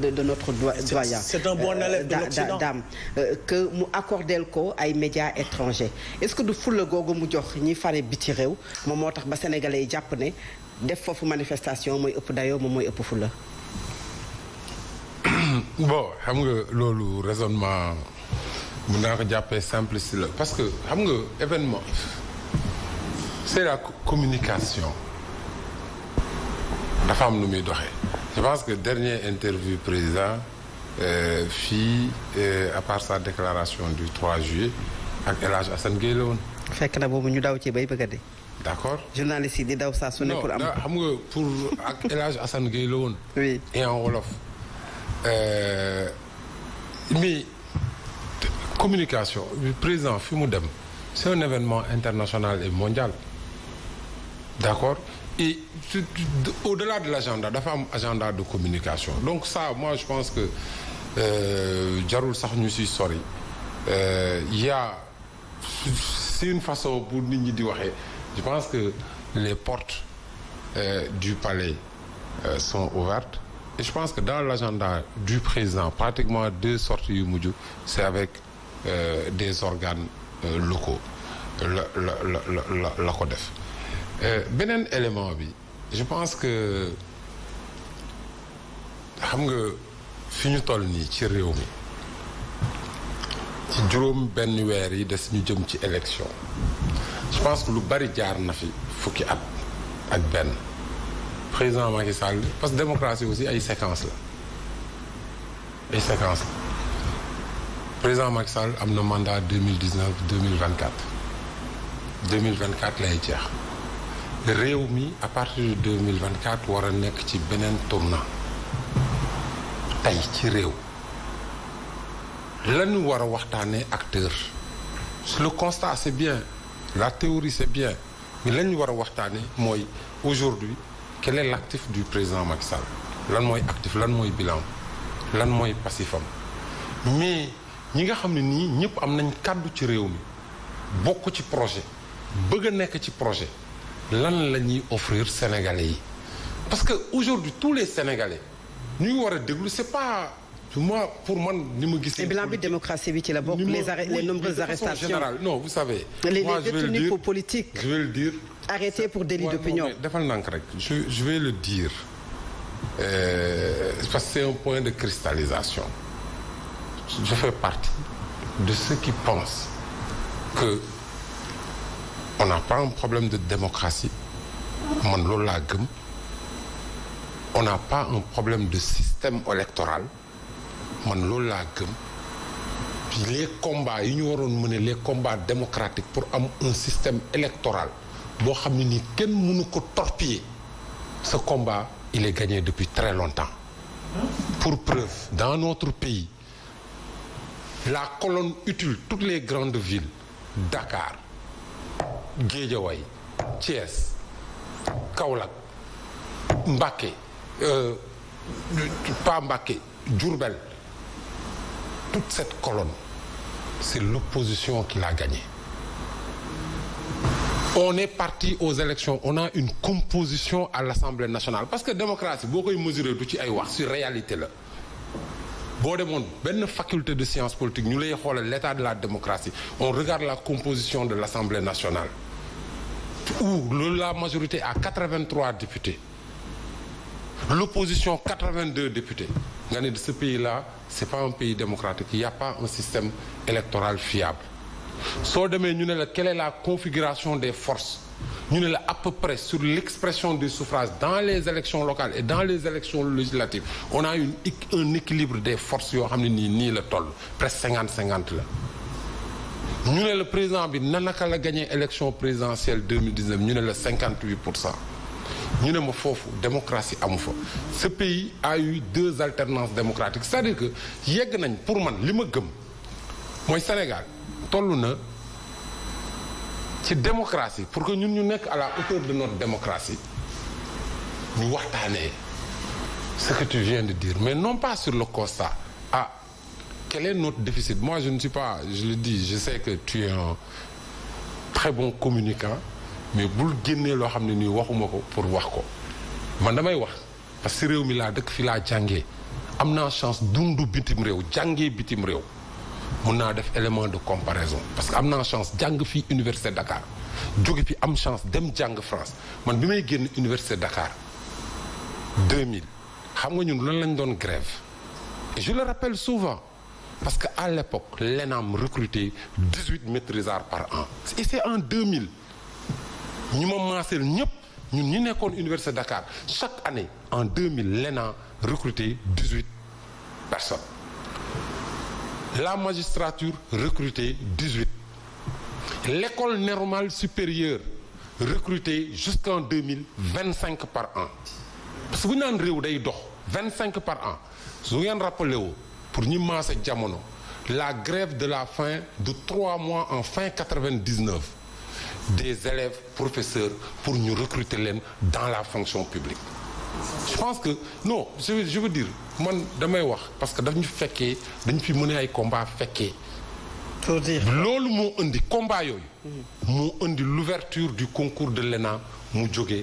de, notre doyen. C'est un bon euh, élève euh, de l'Occident. Que vous accordez le à des médias étrangers. Est-ce que nous le gogo nous avons fait le bitireux, nous avons fait des Sénégalais et Japonais, des faire des manifestations, nous avons fait le gogo, nous avons fait le gogo. Bon, le raisonnement, est un peu simple, parce que l'événement, c'est la communication. La femme nous met d'oreille. Je pense que dernier interview président euh, fit, euh, à part sa déclaration du 3 juillet, à Elage Hassan D'accord. journaliste pour am xam nga pour oui et en wolof. Euh, mais communication le président fi c'est un événement international et mondial D'accord et au-delà de l'agenda faire un agenda de communication donc ça moi je pense que euh, jarul sax sorry. Il euh, y a, c'est une façon pour nous ñi je pense que les portes euh, du palais sont ouvertes et je pense que dans l'agenda du président pratiquement deux sorties yu Moudjou, c'est avec des organes locaux la CODEF un euh, élément je pense que xam nga fi ñu toll nii ci réew benn yi des ñu élection je pense que lu bari jaar na fi fukki at ak Le président Macky Sall parce que la démocratie aussi a une séquence a une séquence Le président Macky Sall a un mandat 2019 2024 2024 lay jeex réew à partir de 2024 wara a ci benen tournant tey ci réew lañu wara a acteur le constat c'est bien la théorie c'est bien mais lañu wara a moy aujourd'hui quel est l'actif du président Macky Sall lan moy actif lan moy bilan lan moy passifam mais ñi nga xamni ni nii am nañ kàddu ci réew mi projets. ci projet bëgg nek ci projet lan offrir Sénégalais parce que aujourd'hui tous les Sénégalais nous ngi war déglu c'est pas moi pour moi ni me gis. bilan l'ambit démocratie vite ci la bokk. les arrêt les nombreuses arrestations non vous savez. les moi, détenus pour politique. je vais le dire arrêtés pour délit d'opinion. je je vais le dire euh, parce que c'est un point de cristallisation je fais partie de ceux qui pensent que on n'a pas un problème de démocratie on n'a pas un problème de système électoral les combats les combats démocratiques pour un système électoral ce combat il est gagné depuis très longtemps pour preuve dans notre pays la colonne utile toutes les grandes villes Dakar Géjaway, Thiès Kaolack Mbake, euh, pas Mbake, toute cette colonne c'est l'opposition qui l'a gagnée on est parti aux élections on a une composition à l'Assemblée nationale parce que démocratie vous mesurer ci réalité la faculté de sciences politiques nous lay l'état de la démocratie on regarde la composition de l'Assemblée nationale où la majorité a 83 députés, l'opposition 82 députés. de ce pays-là, ce n'est pas un pays démocratique. Il n'y a pas un système électoral fiable. quelle est la configuration des forces Nous sommes à peu près sur l'expression du suffrage dans les élections locales et dans les élections législatives. On a un équilibre des forces, ni le toll, presque 50-50 là. Nous sommes le président bi na naka gagné l'élection présidentielle 2019 Nous sommes le 58 Nous sommes ñu ne démocratie amu ce pays a eu deux alternances démocratiques c'est-à-dire que yegg nañ pour man li gëm le Sénégal c'est démocratie pour que nous soyons à la hauteur de notre démocratie Nous waxtaanee ce que tu viens de dire mais non pas sur le constat ah, quel est notre déficit Moi, je ne suis pas, je le dis, je sais que tu es un très bon communicant, mais vous le que tu ramenez, nous, pour wax je ne sais pas. parce que c'est fi chance dundu bitim réew jàngee bitim mun de comparaison parce que am chance jang fi université Dakar fi am chance dem jang France man bimay guen université Dakar 2000 xam nga ñun lan grève je le rappelle souvent parce qu'à l'époque, l'ENAM recrutait 18 maîtrisards par an. Et c'est en 2000. Nous avons nous, nous sommes Dakar. Chaque année, en 2000, l'ENAM recrutait 18 personnes. La magistrature recrutait 18. L'école normale supérieure recrutait jusqu'en 2000 25 par an. Parce que vous n'avez 25 par an. Vous vous rappelez pour nous mettre jamono la grève de la faim de trois mois en fin 99 des élèves professeurs pour nous recruter l'aime dans la fonction publique je pense que non je veux dire man damay wax parce que nous fait nous dañu fi ay combat fekkee loolu des combat mm. l'ouverture du concours de l'ENA nous avons 18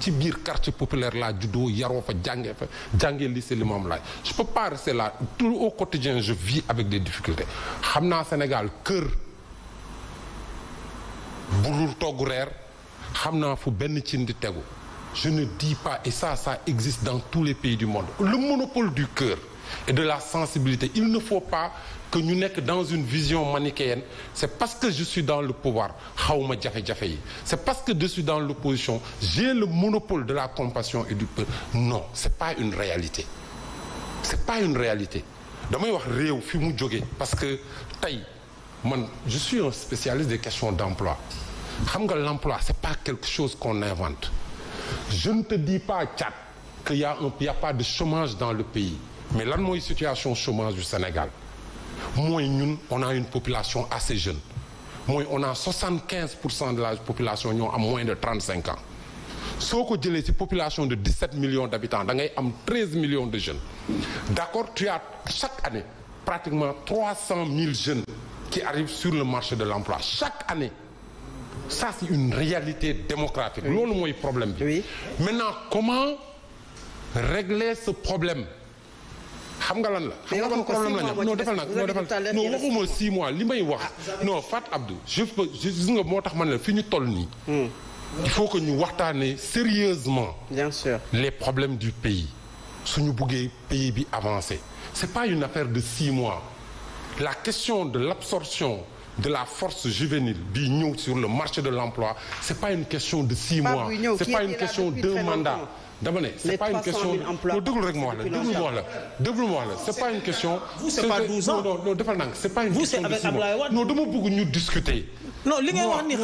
ci biir quartier populaire laa juddoo yaroo fa jàngee fa jàngee lycée Limamoulaye je peux pas rester là tout au quotidien je vis avec des difficultés xamna Sénégal cœur bu dul togg reer xam fu ben ci ndi tegu je ne dis pas et ça ça existe dans tous les pays du monde le monopole du cœur et de la sensibilité il ne faut pas que ñu que dans une vision manichéenne c'est parce que je suis dans le pouvoir c'est parce que je suis dans l'opposition j'ai le monopole de la compassion et du peuple. non ce n'est pas une réalité Ce n'est pas une réalité damay parce que je suis un spécialiste des questions d'emploi L'emploi, ce l'emploi c'est pas quelque chose qu'on invente je ne te dis pas chat qu'il n'y a a pas de chômage dans le pays mais lan une situation chômage du Sénégal on a une population assez jeune on a 75 de la population à moins de 35 ans Si que la une population de 17 millions d'habitants, da 13 millions de jeunes D'accord, tu as chaque année pratiquement 300 000 jeunes qui arrivent sur le marché de l'emploi. chaque année ça c'est une réalité démographique C'est un problème maintenant comment régler ce problème xam nga lan la. xam nga ban problème la ñu non defal nak non defal non waxuma 6 mois limay wax. Ah, non Fat Abdou je gis nga moo tax la fi ñu toll ni hmm. il faut que ñu waxtaanee sérieusement bien sûr les problèmes du pays. suñu bugué pays bi avancé c'est pas une affaire de 6 mois la question de l'absorption de la force juvénile bi ñeu sur le marché de l'emploi c'est pas une question de 6 mois c'est pas une question de mandat D'abord, ce c'est pas une question non déglu c'est pas une question. vous c'est pas 12 ans non non c'est pas une question de mois non dama bëgg ñu discuter. non li ngay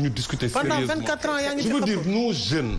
ni discuter. sérieusement pendant 24 ans je veux dire nos jeunes.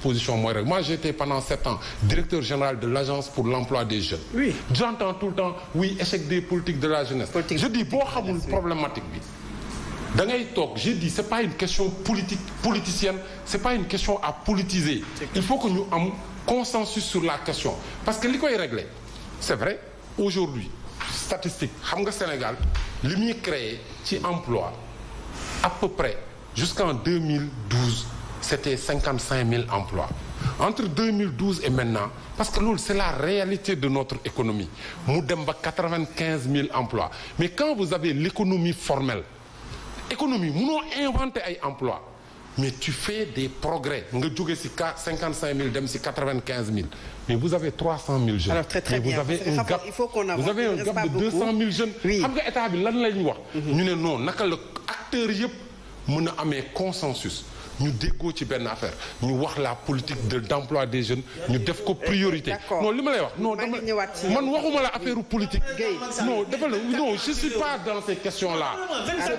position moi j'étais pendant 7 ans directeur général de l'agence pour l'emploi des jeunes oui j'entends tout le temps oui échec des politiques de la jeunesse je dis c'est une problématique bi da ngay j'ai dit c'est pas une question politique politicienne c'est pas une question à politiser il faut que nous un consensus sur la question parce que l'école est réglé c'est vrai aujourd'hui statistique le Sénégal créé c'est emploi à peu près jusqu'en 2012 c'était 55 000 emplois. Entre 2012 et maintenant, parce que c'est la réalité de notre économie, nous avons 95 000 emplois. Mais quand vous avez l'économie formelle, économie, nous avons inventé un emploi. Mais tu fais des progrès. Nous avons 55 000, 95 000. Mais vous avez 300 000 jeunes. Alors très très mais bien. Vous avez un gap, il faut qu'on avance. Vous avez un de 200 000 jeunes. Oui. Nous avons mhm. non, nous consensus. Nous dégoûtons ci ben affaire nous voir la politique de des jeunes nous devons eh, priorité. non la politique. non non suis pas dans ces questions là.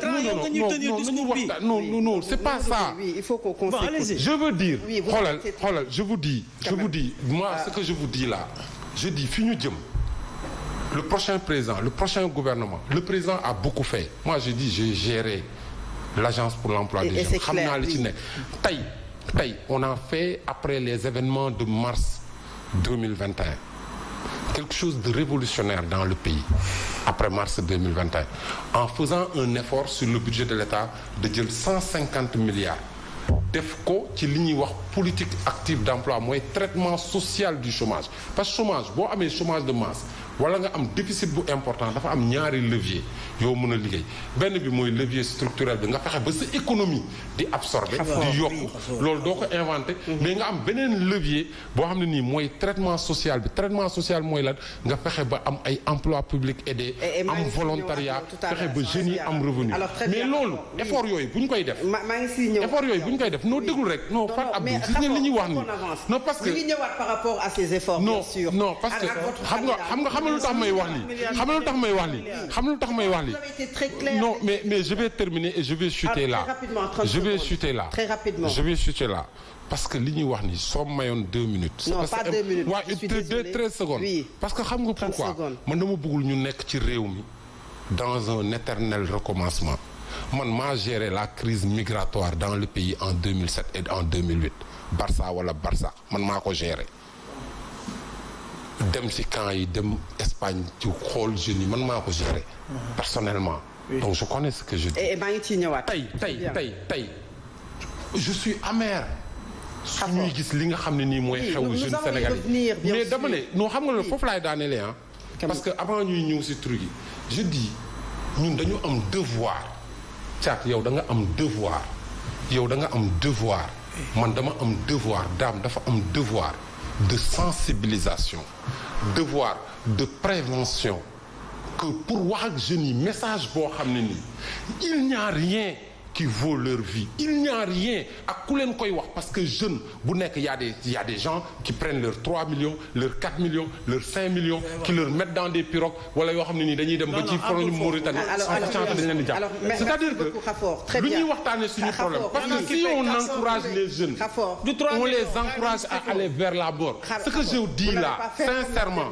non non non non non pas ça. il faut je veux dire je vous dis. je vous dis moi ah. ce que je vous dis là je dis fini le prochain président, le prochain gouvernement, le président a beaucoup fait. Moi, je dis, j'ai géré l'agence pour l'emploi des jeunes on a fait après les événements de mars 2021 quelque chose de révolutionnaire dans le pays après mars 2021 en faisant un effort sur le budget de l'État de 150 milliards d'EFCO qui ligne li politique active d'emploi moins traitement social du chômage Pas chômage bon, mais chômage de masse wala nga am déficit bu important dafa am ñaari levier yo mën a liggéey benn bi mooy levier structurel bi nga fexe ba sa économie di absorber di yokk loolu doo ko inventé mm-hmm. mais nga am beneen levier boo xam ne nii mooy traitement social bi traitement social mooy lan nga fexe ba am ay emploi public aidé am volontariat fexe ba jeunes yi am revenu mais loolu effort yooyu buñ koy def effort yooyu buñ koy def noo déglu rek non Fatou Abdou gis ngeen li ñuy wax nii non parce que non non parce que xam nga xam nga non mais mais je vais terminer et je vais chuter ah, là je vais chuter là très rapidement je vais chuter là parce que li warni wax ni deux minutes. non pas deux minutes Deux, treize secondes. parce que xam pourquoi man dama sais ñu nekk ci dans un éternel recommencement man ma géré la crise migratoire dans le pays en 2007 et en 2008 Barça ou la Barça man maa ko géré dem ci camp yi dem Espagne ci xool jeunes yi man maa ko gérer. personnellement. Oui. donc je connais ce que je dis. et maa ngi ciy ñëwaat. tey tey tey tey je suis amer. su gis li nga xam ne nii mooy. xew jeune Sénégal mais dama ne non xam nga loolu foofu laay daanelee ah. parce que avant ñuy ñëw si truc yi je dis ñun dañu am devoir. caat yow da nga am devoir yow da nga am devoir man dama am devoir dame dafa am devoir de sensibilisation, devoir de prévention, que pour Waggeni, message pour il n'y a rien qui vaut leur vie. Il n'y a rien à Koulen parce que jeune, il y, a des, y a des gens qui prennent leurs 3 millions, leurs 4 millions, leurs 5 millions, qui leur mettent dans des pirogues. Voilà, ils C'est-à-dire que l'Union c'est le problème. Parce que si on encourage les jeunes, on les encourage à aller vers la bord. Ce que je vous dis là, sincèrement,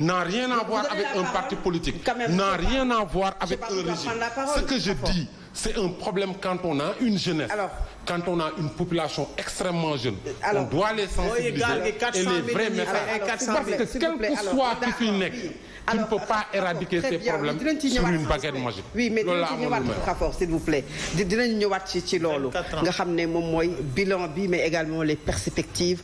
n'a rien à voir avec un parti politique, n'a rien à voir avec un régime. Ce que je dis, c'est un problème quand on a une jeunesse, quand on a une population extrêmement jeune. on doit les sensibiliser et les vrais messages. quel soit ne pas éradiquer ces problèmes sur une baguette magique. oui mais s'il vous plaît mais également les perspectives